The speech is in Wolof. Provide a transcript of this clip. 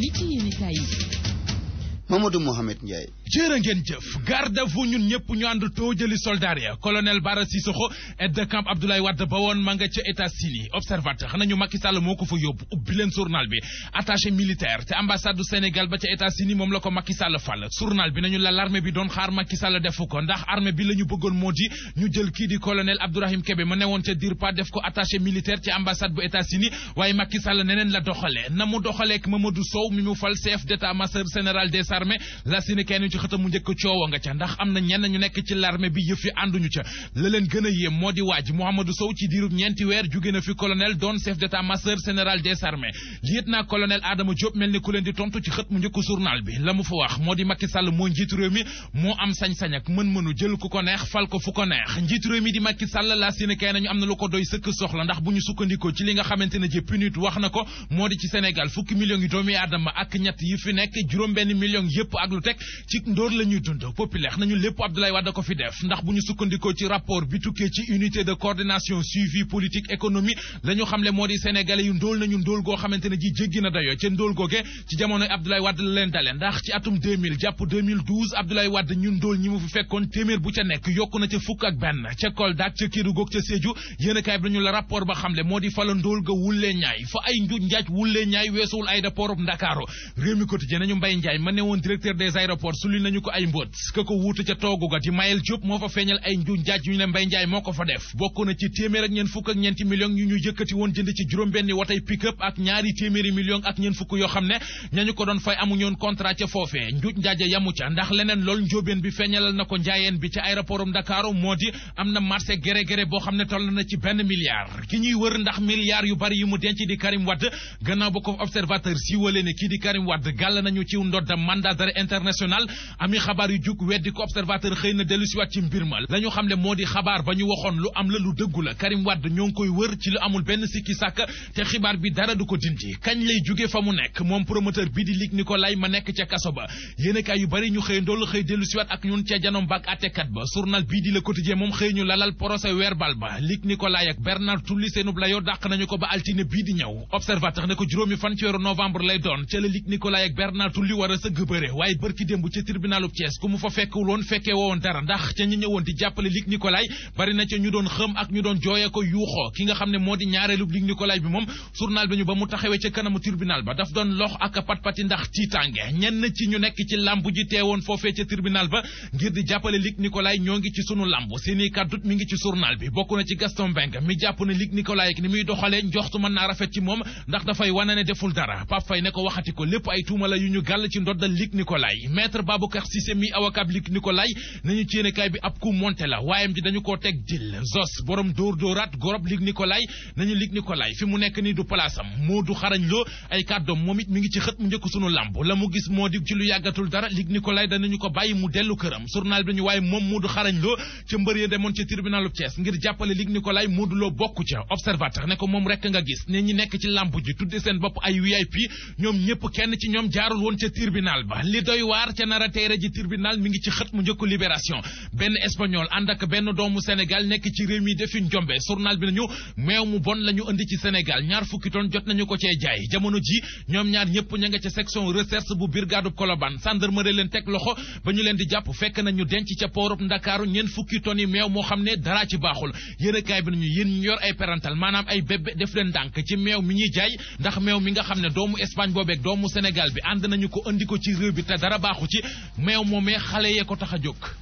li ci yéen kaay Mamadou Mohamed Ndiaye. jërë ngeen jëf garde à ñun ñëpp ñu ànd too jëli soldaar ya colonel Bara Sissoko aide de camp Abdoulaye Wade ba woon ma nga ca États-Unis observateur nañu Macky moo ko fa yóbbu ubbi leen journal bi attaché militaire te ambassade du Sénégal ba ca États-Unis moom la ko Macky Sall fal journal bi nañu la l'armée bi doon xaar Macky defu ko ndax armée bi la bëggoon moo di ñu jël kii di colonel Abdourahim Kébé ma newoon ca DIRPA def ko na mu doxaleek Mamadou armée la si ni kenn ci xëtam mu njëkk coowa ca ndax am na ñenn ñu nekk ci l'armée bi yëf ànduñu ca la leen gën a moo di waaj Mouhamadou Sow ci diirub ñeenti weer jóge na fi colonel doon chef d'état major général des armées lieutenant colonel Adama Diop mel ni ku leen di tontu ci xët mu njëkk journal bi la mu fa wax moo di Macky Sall moo njiitu réew moo am sañ-sañ ak mën-mënu jël ku ko neex fal ko fu ko neex njiitu réew mi di Macky Sall la si xew yëpp ak lu teg ci ndóor la dund populaire nañu lépp Abdoulaye Wade ko fi def ndax bu ñu sukkandikoo ci rapport bi tukkee ci unité de coordination suivi politique économie la xamle moo di sénégalais yu ndóol nañu ndóol goo xamante ne ji jéggi na dayoo ca ndóol googe ci jamonoy Abdoulaye Wade la leen dale ndax ci atum jàpp 2012 Abdoulaye ñu ndóol ñi mu fi fekkoon téeméer bu ca nekk yokku na ca fukk ak benn ca Kolda ca Kédougou ca Sédhiou yéenekaay di fa la ndóol ga wullee ñaay woon directeur des aéroports su nañu ko ay mbóot ka ko wuutu ca toogu ga di Mayel Diop moo fa feeñal ay njuñ njaaj yu ne Mbaye Ndiaye moo ko fa def bokk ci téeméer ak ñeen fukk ak ñeenti millions yu ñu yëkkati woon jënd ci juróom-benni watay pick-up ak ñaari téeméeri millions ak ñeen fukk yoo xam ne ñañu ko doon fay amuñoon contrat ca foofee njuñ njaaja yamu ca ndax leneen lool njóobeen bi feeñalal na ko njaayeen bi ca aéroportum Dakar moo mandat d'arrêt international ami xabaar yu jug weddi ko observateur xëy na dellu si waat ci mbir ma la xam ne moo di xabaar ba ñu waxoon lu am la lu dëggu la Karim Wade ñoo koy wër ci lu amul benn sikki sàkk te xibaar bi dara du ko dindi kañ lay jóge fa mu nekk moom promoteur bi di Luc Nicolaï ma nekk ca kaso ba yéenekaay yu bari ñu xëy ndool xëy dellu si waat ak ñun ca janom ba journal bii di Le Quotidien moom xëy ñu lalal procès weerbal ba Luc ak Bernard ko ba altine bii di ñëw observateur ne ko juróomi fan ci weeru novembre lay doon ca la Luc bëre waaye bërki démb ca tribunalub Thiès ku mu fa fekkul woon fekkee woon dara ndax ca ñu ñëwoon di jàppale Luc Nicolaï bari ca ñu doon xëm ak ñu doon jooye ko yuuxoo ki nga xam ne moo di ñaareelub Luc Nicolaï bi moom journal bi ñu ba mu taxawee ca kanamu tribunal ba daf doon lox ak patpati ndax tiitange ñenn ci ñu nekk ci làmb ji teewoon foofee ca tribunal ba ngir di jàppale Luc Nicolaï ñoo ngi ci sunu làmb seeni kàddut mi ngi ci journal bi bokk na ci Luc Nicolaï maître Babacar Cissé mi avocat Luc Nicolaï nañu ci yéenekaay bi ab coup monté la waayam ji dañu koo teg dil zos borom dóor dóoraat gorob Luc Nicolaï nañu Luc Nicolaï fi mu nekk ni du palaasam moo du xarañ loo ay kàddoom moom it mi ngi ci xët mu njëkk sunu làmb la mu gis moo di ci lu yàggatul dara Luc Nicolaï danañu ko bàyyi mu dellu këram journal bi dañu waaye moom moo du xarañ loo ca mbër ya demoon ca tribunalu Thiès ngir jàppale Luc ko moom rekk nga gis ne nekk ci làmb ji tudde seen bopp ay VIP ñoom ñëpp kenn ci ba li doy waar ca nar a teere ji tribunal mi ngi ci xët mu njëkku libération benn espagnol ànd ak benn doomu Sénégal nekk ci réew mi defi njombe journal bi nañu meew mu bon la ñu indi ci Sénégal ñaar fukki ton jot nañu ko cee jaay jamono ji ñoom ñaar ñëpp ña nga ca section recherche bu brigade Colobane gendarmerie leen teg loxo ba ñu leen di jàpp fekk nañu denc ca poorub Ndakaaru ñeen fukki ton yi meew moo xam ne dara ci baaxul yéenekaay bi nañu yéen ñu yor ay parental maanaam ay bébé def leen ndànk ci meew mi ñuy jaay ndax meew mi nga xam ne doomu Espagne boobeeg doomu Sénégal bi ànd nañu ko indi ko ci réew bi te dara baaxu ci meew moomee xale yee ko tax a jog